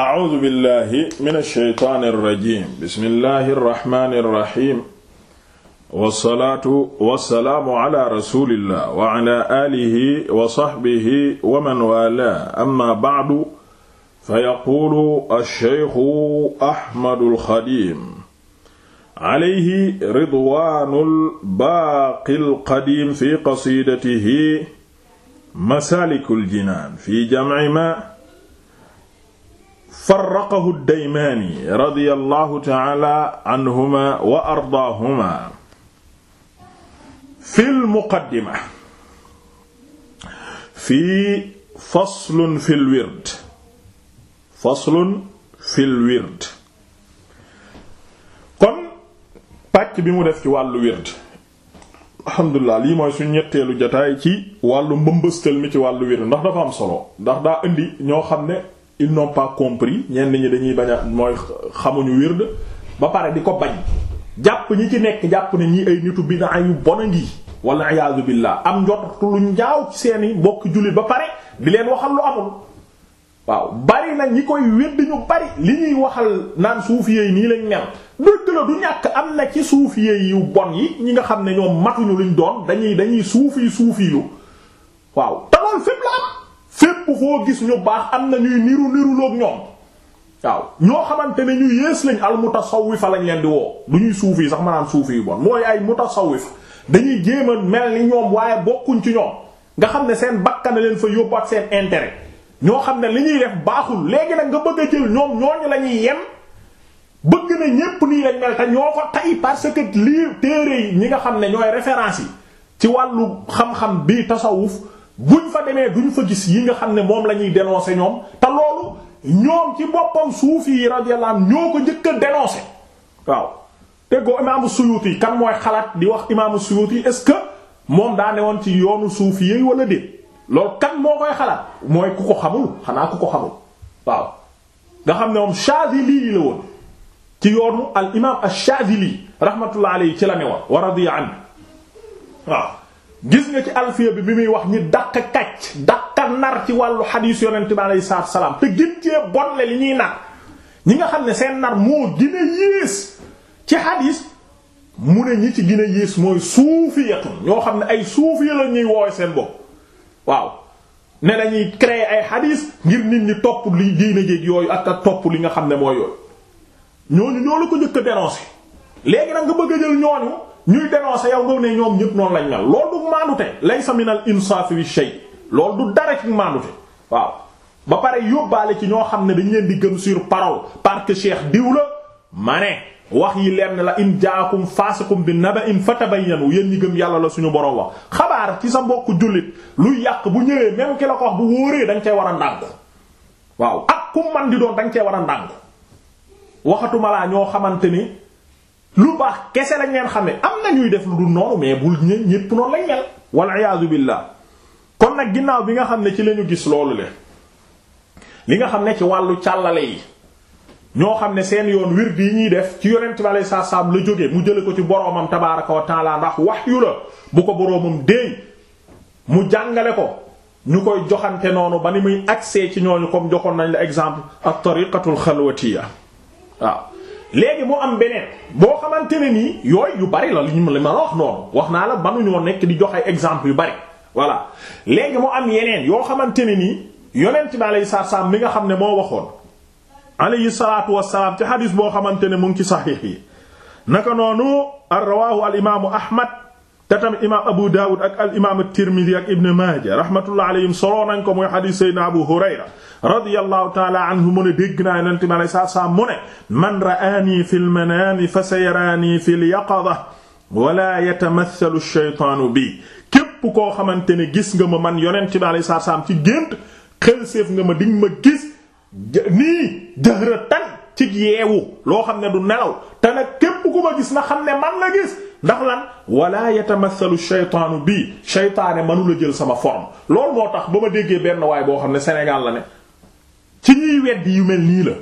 a'uudu billahi mina shaytaani rajiim bismillahi rahmaani rahiim wasalaatu wasalaamu ala rasulillah wa ala aalihi wa saxbihi wa man waalaahu amma ba'du fa yaquulu ash-shaykhu Ahmadul Xadiim alayhi ridwaanul baaqil qadiim fi qasiidatihi masaalikul jinaan fi jam'i maa farraqahu ad-Daymaani radiyallahu ta'ala anhuma wa ardaahuma fil muqaddima fii faslun fil wird faslun fil wird kon pàcc bi mu def ci wàllu wird alhamdulilah lii mooy suñ ñetteelu jataay ci wàllu mbëmbëstal mi ci wàllu wird ndax dafa am solo ndax daa indi ñoo xam ne ils n'ont pas compris ñenn ñi dañuy bañ a mooy xamuñu wird ba pare di ko bañ jàpp ñi ci nekk jàpp ne ñi ay nitu bida yu bon a ngi wala iyaazu billah am njot lu njaaw ci seeni mbokk jullit ba pare di leen waxal lu amul waaw bari na ñi koy wedd ñu bari li ñuy waxal naan suufiyee yi nii lañ mel dëgg la du ñàkk am na ci suufiyee yu bon yi ñi nga xam ne ñoom matuñu luñ doon dañuy dañuy suufi suufiilu waaw te loolu fépp la am fépp foo gis ñu baax am na ñuy niru niruloog ñoom waaw ñoo xamante ne ñu yées lañ al mutasawwifa lañ leen di woo du ñuy suuf yi sax naan suuf yu bon mooy ay mutasawwif dañuy jéem a mel ni ñoom waaye bokkuñ ci ñoom nga xam ne seen bakkan leen fa yóbbu ak seen intérêt ñoo xam ne li ñuy def baaxul léegi nag nga bëgg a jël ñoom ñooñu la ñuy yem bëgg na ñépp nii lañ mel te ñoo ko tay parce que lii téere yi ñi nga xam ne ñooy référence yi ci wàllu xam-xam bii tasawuf bu ñu fa demee duñ fa gis yi nga xam ne moom la ñuy dénoncer ñoom te loolu ñoom ci boppam suufi yi radiyallahu anhu ñoo ko njëkk a dénoncer waaw teggoo imaamu Suyuti kan mooy xalaat di wax imaamu Suyuti est-ce que moom daa ne woon ci yoonu suufi yi wala déet loolu kan moo koy xalaat mooy ku ko xamul xanaa ku ko xamul waaw nga xam ne moom Shaadili la woon ci yoonu al imaam ash-Shaadili rahmatullah alayhi ci la ne woon wa radiya anhu waaw gis nga ci alfiya bi bi muy wax ñi daq kacc daq nar ci wàllu xadiis yonent bi alayhi salaam te gin cee bonle li ñuy nar ñi nga xam ne seen nar moo gën a yées ci xadiis mu ne ñi ci gën a yées mooy suufiyatun ñoo xam ne ay suufiya la ñuy woowe seen bopp waaw ne dañuy créer ay xadiis ngir nit ñi topp li diine géeg yooyu ak topp li nga xam ne mooy yooyu ñooñu ñoo la ko njëkk a dénoncer léegi nag nga bëgg a jël ñooñu ñuy dénoncer yow nga ne ñoom ñëpp noonu lañ mel loolu du maanute laysa minal insaafi bi shay loolu du dara ci maanute waaw ba pare yóbbaale ci ñoo xam ne dañ leen di gëm sur parole parce que cheikh diw la ma ne wax yi leer na la in jaakum faasikum bi naba'in fatabayyanu yéen ñi gëm yàlla la suñu borom wax xabaar ci sa mbokku jullit lu yàq bu ñëwee même ki la ko wax bu wóoree da nga cee war a ndànk waaw ak ku man di doon dañ nga cee war a ndànk waxatuma laa xamante ni lu baax kese lañ leen xamee am na ñuy def lu dul noonu mais bul ñë ñépp noonu lañ mel. wal iyaazu billah kon nag ginnaaw bi nga xam ne ci lañu gis loolu le li nga xam ne ci wàllu càllale yi ñoo xam ne seen yoon wird yi ñuy def ci yonent bi alayhi mu jële ko ci boroomam tabaaraka wa taala ndax wahyu la bu ko boroomam déey mu jàngale ko ñu koy joxante noonu ba ni muy accès ci ñooñu comme joxoon nañ la exemple at-tariqatul xalwatiya waaw léegi mu am beneen boo xamante ne nii yooyu yu bari la li ma la wax noonu wax naa la mënuñoo nekk di joxe exemple yu bari voilà léegi mu am yeneen yoo xamante ne nii yonent bi alayhi salaatu salaam mi nga xam ne moo waxoon alayhi salaatu wassalaam ci xadiis boo xamante ne mu ngi ci saxiix yi naka noonu ar rawaahu al imaamu Ahmad te tamit imaam Abu Dawud ak al imaam ak Ibn Maaja rahmatullah alayhim soloo nañ ko muy xadiis Seydina Abu Hurayra radiyallahu ta'ala anhu mu ne dégg naa salaam mu man ra'aani fil manaami fa sayaraani fil yaqaza wala yatamathalu ash xamante ne gis nga ma man Yonent mi alayhi salaatu salaam ci gént xel nga ma diñ gis nii jahratan ci yeewu loo xam ne du nelaw te nag ku ma gis na xam ne man la gis ndax lan wala yatamathalu shaytaanu bii shaytaane mënula jël sama forme loolu moo tax ba ma déggee benn waay boo xam ne Sénégal la ne ci ñuy weddi yu mel nii la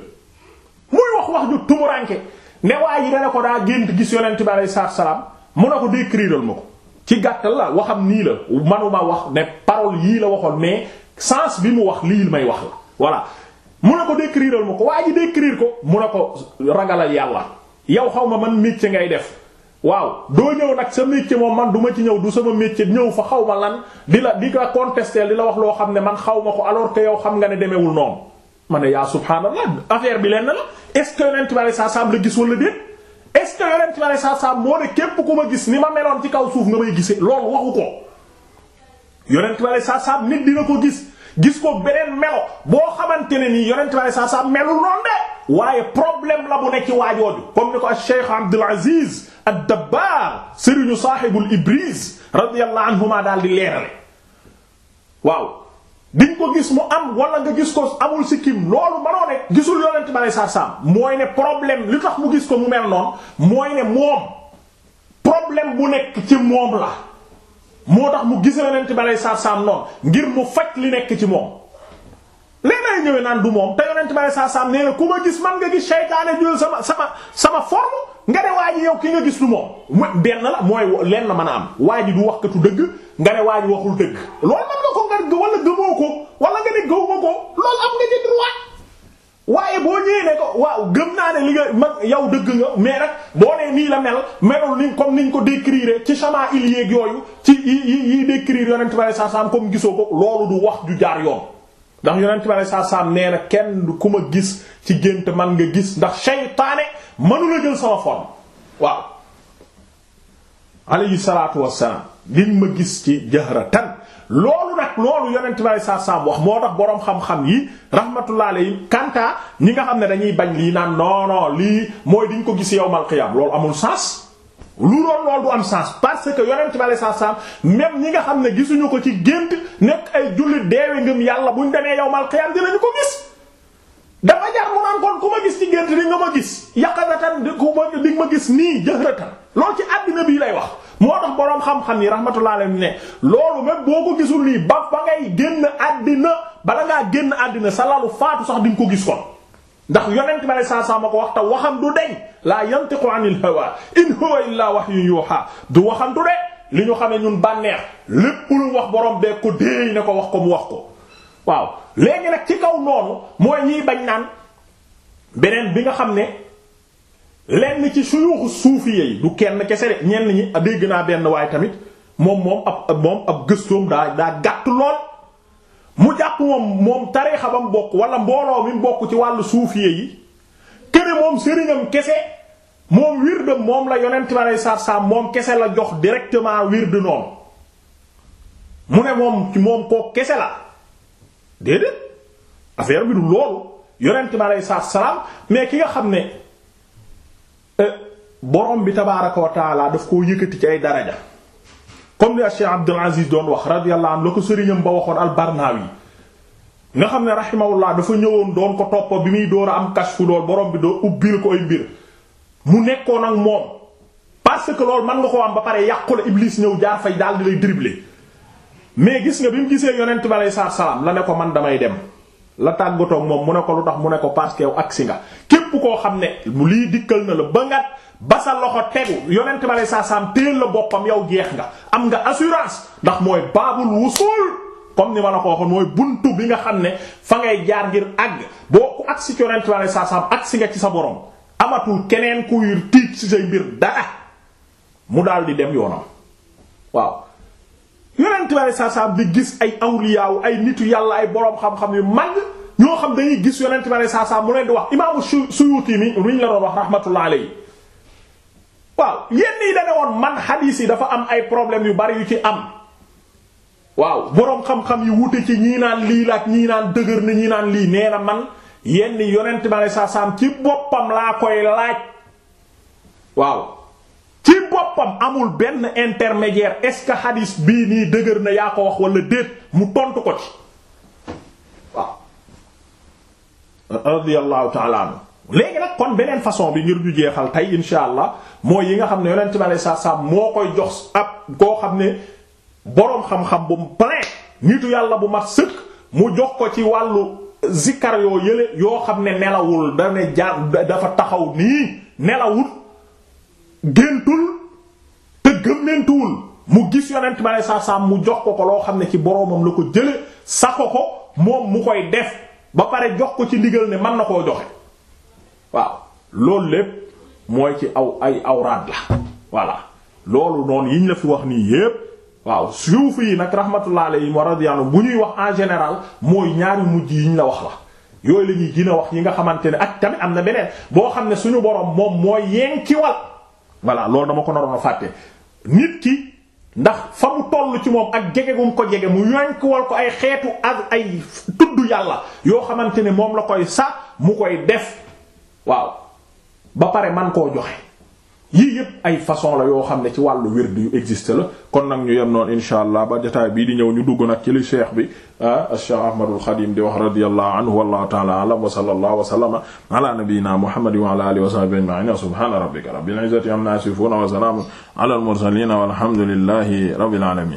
muy wax wax ju tumuranke ne waa yi dana ko daa gént gis yonent bi alayhi salaam mun a ko décriral ma ko ci gàttal la waxam nii la manuma wax ne parole yii la waxoon mais sens bi mu wax lii may wax la voilà mun na ko décriral ma ko waa ji décrire ko mun a ko ragalal yàlla yow xaw ma man métier ngay def waaw doo ñëw nag sa métier moom man duma ci ñëw du sama métier ñëw fa xaw ma lan di la di la contester di la wax loo xam ne man xaw ma ko alors que yow xam nga ne demeewul noonu ma ne yaa subhaanallah affaire bi lenn la est-ce que yonent bi saa saam la gis wala déet est-ce que yonent bi saa saam moo ne képp ku ma gis ni ma meloon ci kaw suuf nga may gisee loolu waxu ko yonent bi saa saam nit dina ko gis. gis ko beneen melo boo xamante ne nii yonent bi saa saa melu de waaye problème la bu ne ci waajooju comme ni ko Cheikh Abdul Aziz ad-Dabbar sëriñu daal di leerale ko gis mu am wala nga gis ko amul sikkim loolu manoo ne gisul yonent ba lay sarsam mooy ne problème li tax mu gis ko mu mel noonu mooy ne moom problème bu nekk ci moom la moo tax mu gis yonent bi aleyhi salaatu salaam noonu ngir mu faj li nekk ci moom léeg-léeg ñëwee naan du moom te yonent bi aleyhi salaatu salaam nee na ku ma gis man nga gis seytaane jël sama sama sama forme nga ne waa ji yow ki nga gis du moom benn la mooy lenn man a am waa ji du wax katu dëgg nga ne waa ji waxul dëgg loolu man nga ko ngar wala gëmoo ko wala nga ne gëwuma ko loolu am nga ci droit waaye boo ñëwee ne ko waaw gëm naa ne li nga yow dëgg nga mais nag boo nee nii la mel melul ni comme niñ ko décrire ci chamaa il yeeg yooyu ci yi yi décrire yonent bi saa comme gisoo ko loolu du wax ju jaar yoon. ndax yonent bi saa saam nee na kenn ku ma gis ci gént man nga gis ndax seytaane mënu la jël sama forme waaw. alayhi salaatu wassalaam liñ ma gis ci jahratan loolu loolu yonent bi saa saam wax moo tax boroom xam-xam yi rahmatullah alayhi kanta ñi nga xam ne dañuy bañ lii naan non lii mooy diñ ko gis yawmal qiyaam loolu amul sens. lu doon loolu du am sens parce que yonent bi saa saam même ñi nga xam ne gisuñu ko ci gént nekk ay jullit deewe ngëm yàlla bu buñ demee yawmal qiyaam dinañu ko gis. dafa jar mu naan kon ku ma gis ci gént di nga ma gis yaqazatan ku ma di ma gis nii jahratan loolu ci àddina bii lay wax. moo tax boroom xam-xam yi rahmatullah alayhi ne loolu même boo ko gisul lii ba ba ngay génn àddina bala ngaa génn àddina sa lalu faatu sax di ko gis kon ndax yonent ma saa saa ma ko wax te waxam du deñ laa yantiqu anil hawa in huwa illaa wahyun yuha du waxam du de li ñu xam ne ñun bànneex lépp lu wax borom bee ko déey ne ko wax ko mu wax ko waaw léegi nag ci kaw noonu mooy ñiy bañ naan beneen bi nga xam ne. lenn ci suyuuxu suuf yi du kenn kese de ñenn ñi dégg naa benn waaye tamit moom moom ab moom ab gëstoom daa daa gàtt lool mu jàpp moom moom tariixa ba mu bokk wala mbooloo mi mu bokk ci wàllu suufiye yi këne moom sëriñam kese moom wirdam moom la yonent ma lay sarsam moom kese la jox directement wird noonu moom kese la déedéet affaire bi du loolu yonent ma lay sarsam mais ki nga xam ne borom bi tabaaraka wa taala daf koo yëkkati ci ay daraja comme li Cheikh Abdul Aziz doon wax radiyallahu anhu la ko sëriñam ba waxoon al-Barnawi nga xam ne rahimahullah dafa ñëwoon doon ko topp bi muy door a am kashfu lool borom bi doo ubbil ko ay mbir mu nekkoon ak moom parce que loolu mën nga ko am ba pare yàqu la Iblis ñëw jaar fay daal di lay dribbler mais gis nga bi mu gisee yonent bi aleyhi salaam la ne ko man damay dem la tàggatoo moom mu ne ko lu tax mu ne ko parce que yow agsi képp koo xam ne mu lii dikkal na la ba ngat ba sa loxo tegu yonent ma lay saa saam téel la boppam yow geex nga am nga assurance ndax mooy baabul wusul comme ni ma la ko waxoon mooy buntu bi nga xam ne fa ngay jaar ngir àgg boo ko agsi ci yonent ma lay saa saam nga ci sa borom amatul keneen kuy tiit ci say mbir dara mu dal di dem yoonam waaw. yonent ma lay gis ay awliyaaw ay nitu yàlla ay borom xam-xam yu mag. ñoo xam dañuy gis yonent bi saa saa mu leen di wax imaamu Suyuti mi ruñ la doon wax rahmatullah alayhi waaw yenn yi da woon man hadith yi dafa am ay problèmes yu bari yu ci am waaw boroom xam-xam yi wute ci ñii naan lii la ak ñii naan dëgër na ñii naan lii nee na man yenn yonent bi saa saa ci boppam laa koy laaj waaw ci boppam amul benn intermédiaire est-ce que hadith bii nii dëgër na yaa ko wax wala déet mu tontu ko ci. radiyallahu ta'ala léegi nag kon beneen façon bi ngir ñu jeexal tey insha allah mooy yi nga xam ne yonent bi alayhi salaam moo koy jox ab koo xam ne boroom xam-xam bu mu plein nitu yàlla bu mat sëkk mu jox ko ci wàllu zikkar yoo yële yoo xam ne nelawul da ne dafa taxaw nii nelawul géntul te gëmmentuwul mu gis yonent bi alayhi salaam mu jox ko ko loo xam ne ci boroomam la ko jële sax ko ko moom mu koy def ba pare jox ko ci ndigal ne mën na koo joxe waaw loolu lépp mooy ci aw ay awraad la voilà loolu noonu yiñ la fi wax nii yépp waaw suuf yi nag rahmatullah alayhi wa radiyallahu bu ñuy wax en général mooy ñaari mujj yiñ la wax la yooyu la ñuy wax yi nga xamante ne ak tamit am na beneen boo xam ne suñu borom moom mooy yenkiwal voilà loolu dama ko naroon a fàtte nit ki ndax fa mu toll ci moom ak jege gum ko jege mu yonk wal ko ay xeetu ak ay tudd yàlla yoo xamante ne moom la koy sax mu koy def waaw ba pare man koo joxe yii yépp ay façon la yoo xam ne ci wàllu wird yu existe la kon nag ñu yem noonu insha allah ba jotaay bii di ñëw ñu dugg nag ci li cheikh bi ah cheikh ahmadul xadim di wax radiyallahu anhu wallahu ta'ala a'lam wa sallallahu wa sallama ala nabiyyina muhammadin wa ala alihi wa sahbihi ajma'in subhana rabbika rabbil izzati amma yasifun wa salamun ala al mursalin walhamdulillahi rabbil alamin